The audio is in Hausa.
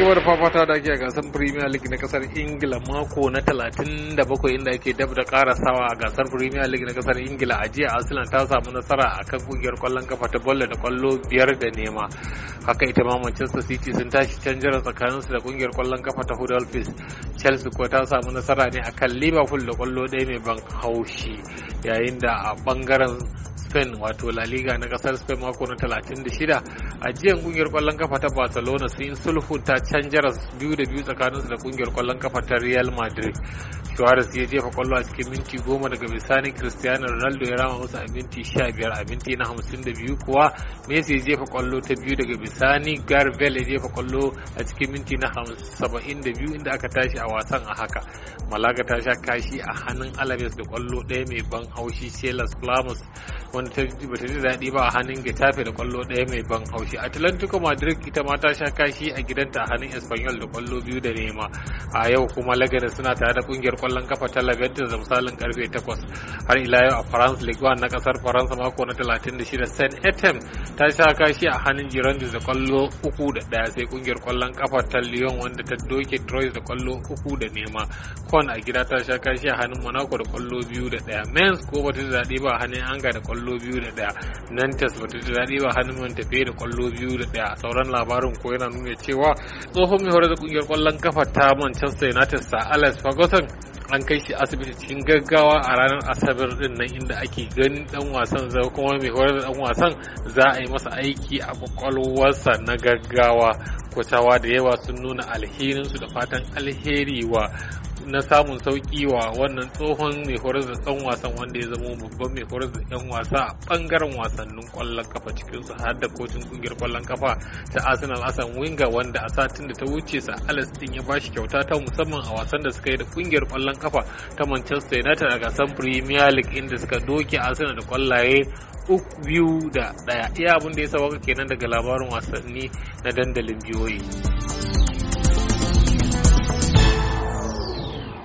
gaba da fafata da ake a gasar premier league na kasar ingila mako na 37 inda ake dab da karasawa a gasar premier league na kasar ingila a jiya arsenal ta samu nasara a kan kungiyar kwallon kafa ta bolle da kwallo biyar da nema haka ita ma manchester city sun tashi can jiran tsakaninsu da kungiyar kwallon kafa ta hudolphis chelsea ko ta samu nasara ne a kan liverpool da kwallo ɗaya mai ban haushi yayin da a bangaren spain wato la liga na kasar spain mako na 36 a jiyan kungiyar kwallon kafa ta barcelona sun yi sulhu ta canjaras biyu da biyu tsakanin da kungiyar kwallon kafa ta real madrid Suarez ya jefa kwallo a cikin minti goma daga bisani Cristiano Ronaldo ya rama musu a minti sha biyar a minti na hamsin da biyu kuwa Messi ya jefa kwallo ta biyu daga bisani Garvel ya jefa kwallo a cikin minti na saba'in da biyu inda aka tashi a wasan a haka. Malaga ta sha kashi a hannun Alaves da kwallo ɗaya mai ban haushi Celas Flamus wanda ta ba ta ji daɗi ba a hannun Getafe da kwallo ɗaya mai ban haushi. Atlantico Madrid ita ma ta sha kashi a gidanta a hannun Espanyol da kwallo biyu da nema. A yau kuma Lagos suna tare da kungiyar kwallon kafa ta Laventus da misalin karfe takwas har ila yau a France Ligue 1 na kasar Faransa mako na 36 Saint Etienne ta sha kashi a hannun Girondins da kwallo uku da ɗaya sai kungiyar kwallon kafa ta Lyon wanda ta doke Troyes da kwallo uku da nema. Kon a gida ta sha kashi a hannun Monaco da kwallo biyu da ɗaya. Mens ko bata daɗi ba a hannun Anga da kwallo kwallo biyu da daya nantes bata ji daɗi ba da kwallo biyu da daya sauran labarin ko yana nuna cewa tsohon mai horar da kungiyar kwallon kafa ta manchester united sa alex ferguson an kai shi asibiti cikin gaggawa a ranar asabar din nan inda ake ganin dan wasan zai kuma mai horar da dan wasan za a yi masa aiki a kwakwalwarsa na gaggawa kwatawa da yawa sun nuna alherinsu da fatan alheri wa na samun sauki wa wannan tsohon mai horar da ɗan wasan wanda ya zama babban mai horar da 'yan wasa a bangaren wasannin kwallon kafa cikin su har da kocin kungiyar kwallon kafa ta Arsenal Asan Winga wanda a satin da ta wuce sa Alex din ya bashi kyauta ta musamman a wasan da suka yi da kungiyar kwallon kafa ta Manchester United a gasar Premier League inda suka doke Arsenal da kwallaye uku biyu da ɗaya iya abin da ya sawa kenan daga labarin wasanni na dandalin biyoyi.